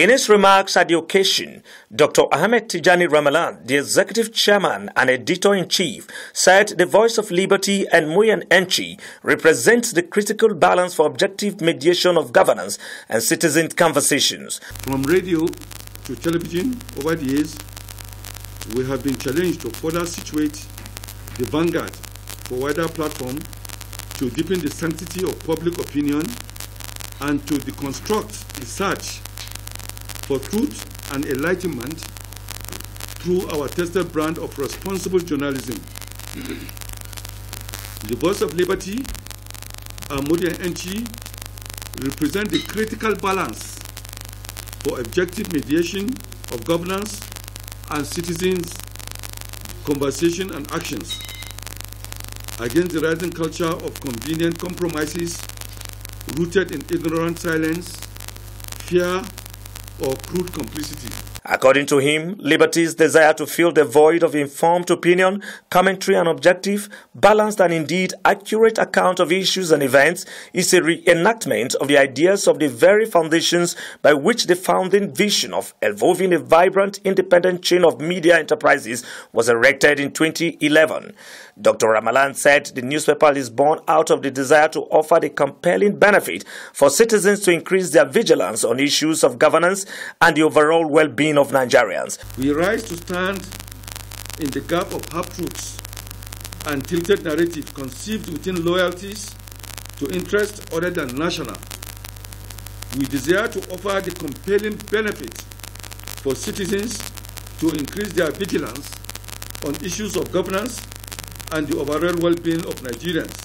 In his remarks at the occasion, Dr. Ahmed Tijani Ramalan, the executive chairman and editor-in-chief, said the Voice of Liberty and Muyan Enchi represents the critical balance for objective mediation of governance and citizen conversations. From radio to television over the years, we have been challenged to further situate the vanguard for wider platform to deepen the sanctity of public opinion and to deconstruct, search for truth and enlightenment through our tested brand of responsible journalism. the Voice of Liberty and Modian NT represent the critical balance for objective mediation of governance and citizens' conversation and actions against the rising culture of convenient compromises rooted in ignorant silence, fear, or crude complicity According to him, liberties desire to fill the void of informed opinion, commentary, and objective, balanced and indeed accurate account of issues and events is a reenactment of the ideas of the very foundations by which the founding vision of evolving a vibrant independent chain of media enterprises was erected in 2011. Dr. Ramalan said the newspaper is born out of the desire to offer the compelling benefit for citizens to increase their vigilance on issues of governance and the overall well-being well-being of Nigerians. We rise to stand in the gap of half truths and tilted narrative conceived within loyalties to interests other than national. We desire to offer the compelling benefit for citizens to increase their vigilance on issues of governance and the overall well-being of Nigerians.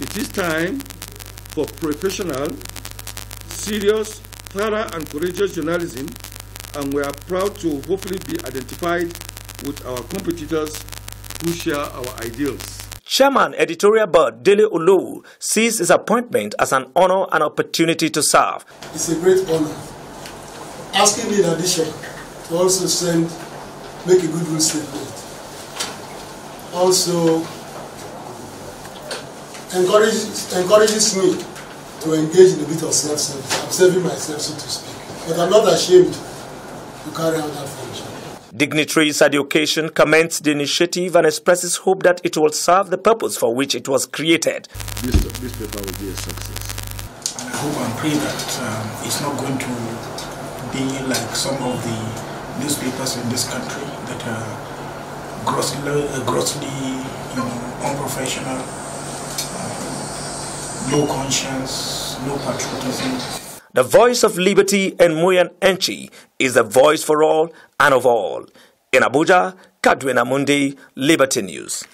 It is time for professional, serious, thorough and courageous journalism and we are proud to hopefully be identified with our competitors who share our ideals. Chairman Editorial Board Dele Olowu sees his appointment as an honor and opportunity to serve. It's a great honor. Asking me in addition to also send, make a goodwill statement. Also encourages, encourages me to engage in a bit of self-service. I'm serving myself, so to speak. But I'm not ashamed to carry out that function. Dignitaries at the occasion commends the initiative and expresses hope that it will serve the purpose for which it was created. This, this paper will be a success. And I hope and pray that um, it's not going to be like some of the newspapers in this country that are grossly, uh, grossly you know, unprofessional, uh, um, no conscience, no patriotism. The voice of liberty and Muyan Enchi is a voice for all and of all. In Abuja, Kadwina Mundi, Liberty News.